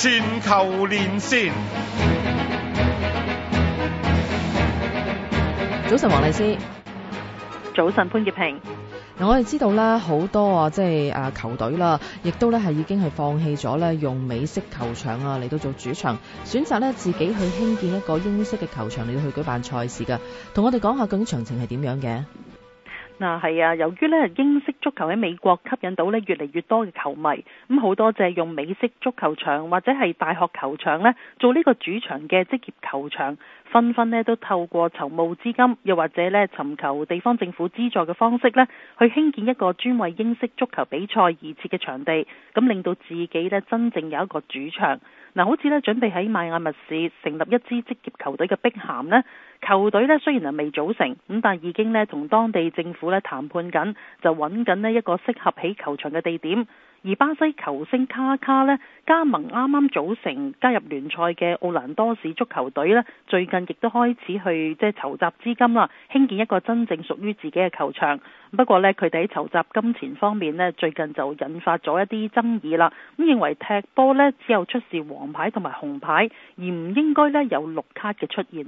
全球連線，早晨黃律師，麗早晨潘潔平。嗱，我哋知道啦，好多啊，即係啊球隊啦，亦都咧係已經係放棄咗咧用美式球場啊嚟到做主場，選擇咧自己去興建一個英式嘅球場嚟到去舉辦賽事噶。同我哋講下究竟詳情係點樣嘅。嗱，啊，係啊！由於咧英式足球喺美國吸引到咧越嚟越多嘅球迷，咁、嗯、好多只用美式足球場或者係大學球場呢做呢個主場嘅職業球場，紛紛呢都透過籌募資金，又或者咧尋求地方政府資助嘅方式呢去興建一個專為英式足球比賽而設嘅場地，咁令到自己呢真正有一個主場。嗱、嗯，好似準備喺邁阿密市成立一支職業球隊嘅碧咸。球隊呢雖然係未組成咁，但已經呢同當地政府談判緊，就揾緊呢一個適合起球場嘅地點。而巴西球星卡卡呢加盟啱啱組成加入聯賽嘅奧蘭多市足球隊呢最近亦都開始去即係籌集資金啦，興建一個真正屬於自己嘅球場。不過呢，佢哋喺籌集金錢方面呢最近就引發咗一啲爭議啦。咁認為踢波呢只有出示黃牌同埋紅牌，而唔應該呢有綠卡嘅出現。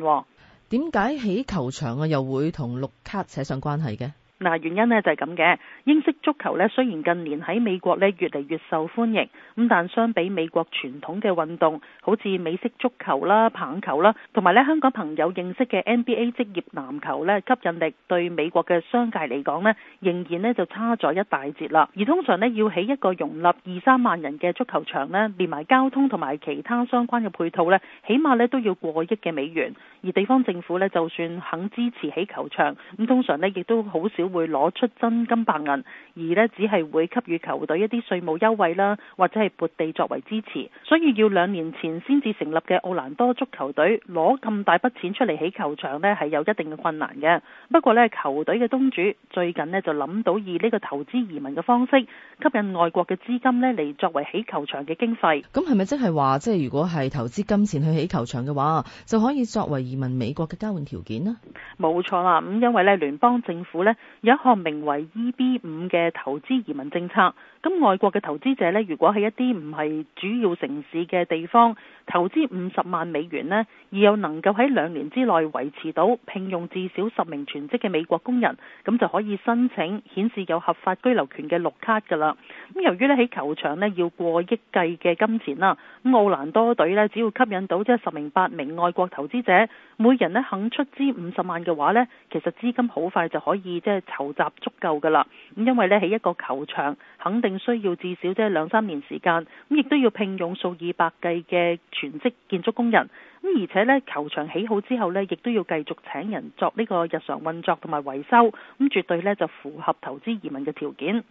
點解起球場啊，又會同綠卡扯上關係嘅？嗱，原因咧就係咁嘅，英式足球咧雖然近年喺美國咧越嚟越受歡迎，咁但相比美國傳統嘅運動好似美式足球啦、棒球啦，同埋咧香港朋友認識嘅 NBA 職業籃球咧，吸引力對美國嘅商界嚟講咧，仍然咧就差咗一大截啦。而通常咧要起一個容納二三萬人嘅足球場咧，連埋交通同埋其他相關嘅配套咧，起碼咧都要過億嘅美元。而地方政府咧就算肯支持起球場，咁通常咧亦都好少。會攞出真金白銀，而呢只係會給予球隊一啲稅務優惠啦，或者係撥地作為支持。所以要兩年前先至成立嘅奧蘭多足球隊攞咁大筆錢出嚟起球場呢，係有一定嘅困難嘅。不過呢，球隊嘅東主最近呢就諗到以呢個投資移民嘅方式，吸引外國嘅資金呢嚟作為起球場嘅經費。咁係咪即係話，即係如果係投資金錢去起球場嘅話，就可以作為移民美國嘅交換條件呢？冇錯啦，咁因為呢聯邦政府呢有一項名為 EB 五嘅投資移民政策，咁外國嘅投資者呢，如果喺一啲唔係主要城市嘅地方投資五十萬美元呢，而又能夠喺兩年之內維持到聘用至少十名全職嘅美國工人，咁就可以申請顯示有合法居留權嘅綠卡㗎啦。咁由於呢，喺球場呢要過億計嘅金錢啦，奧蘭多隊呢，只要吸引到即係十名八名外國投資者，每人呢肯出資五十萬嘅嘅話呢，其實資金好快就可以即係籌集足夠噶啦。咁因為呢，起一個球場肯定需要至少即係兩三年時間，咁亦都要聘用數以百計嘅全職建築工人。咁而且呢，球場起好之後呢，亦都要繼續請人作呢個日常運作同埋維修。咁絕對呢，就符合投資移民嘅條件。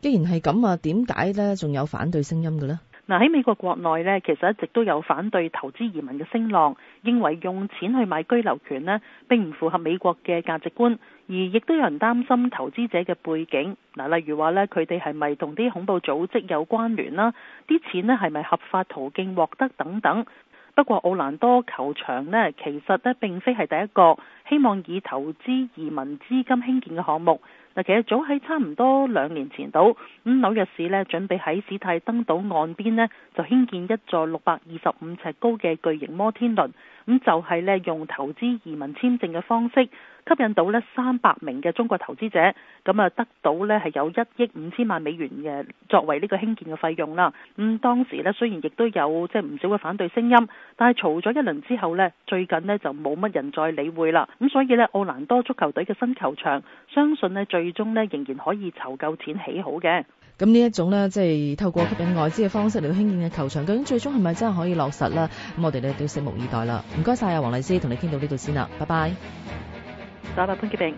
既然係咁啊，點解呢仲有反對聲音嘅呢？嗱，喺美國國內呢，其實一直都有反對投資移民嘅聲浪，認為用錢去買居留權呢，並唔符合美國嘅價值觀，而亦都有人擔心投資者嘅背景，嗱，例如話呢，佢哋係咪同啲恐怖組織有關聯啦？啲錢呢，係咪合法途徑獲得等等。不過奧蘭多球場呢，其實呢並非係第一個希望以投資移民資金興建嘅項目。其實早喺差唔多兩年前到，咁紐約市咧準備喺史泰登島岸邊咧就興建一座六百二十五尺高嘅巨型摩天輪，咁就係咧用投資移民簽證嘅方式吸引到咧三百名嘅中國投資者，咁啊得到咧係有一億五千萬美元嘅作為呢個興建嘅費用啦。咁當時咧雖然亦都有即係唔少嘅反對聲音，但係嘈咗一輪之後咧，最近咧就冇乜人再理會啦。咁所以咧奧蘭多足球隊嘅新球場，相信咧最最終呢，仍然可以籌夠錢起好嘅。咁呢一種呢，即係透過吸引外資嘅方式嚟到興建嘅球場，究竟最終係咪真係可以落實咧？咁我哋咧都要拭目以待啦。唔該晒啊，黃麗施，同你傾到呢度先啦，拜拜。多謝潘潔平。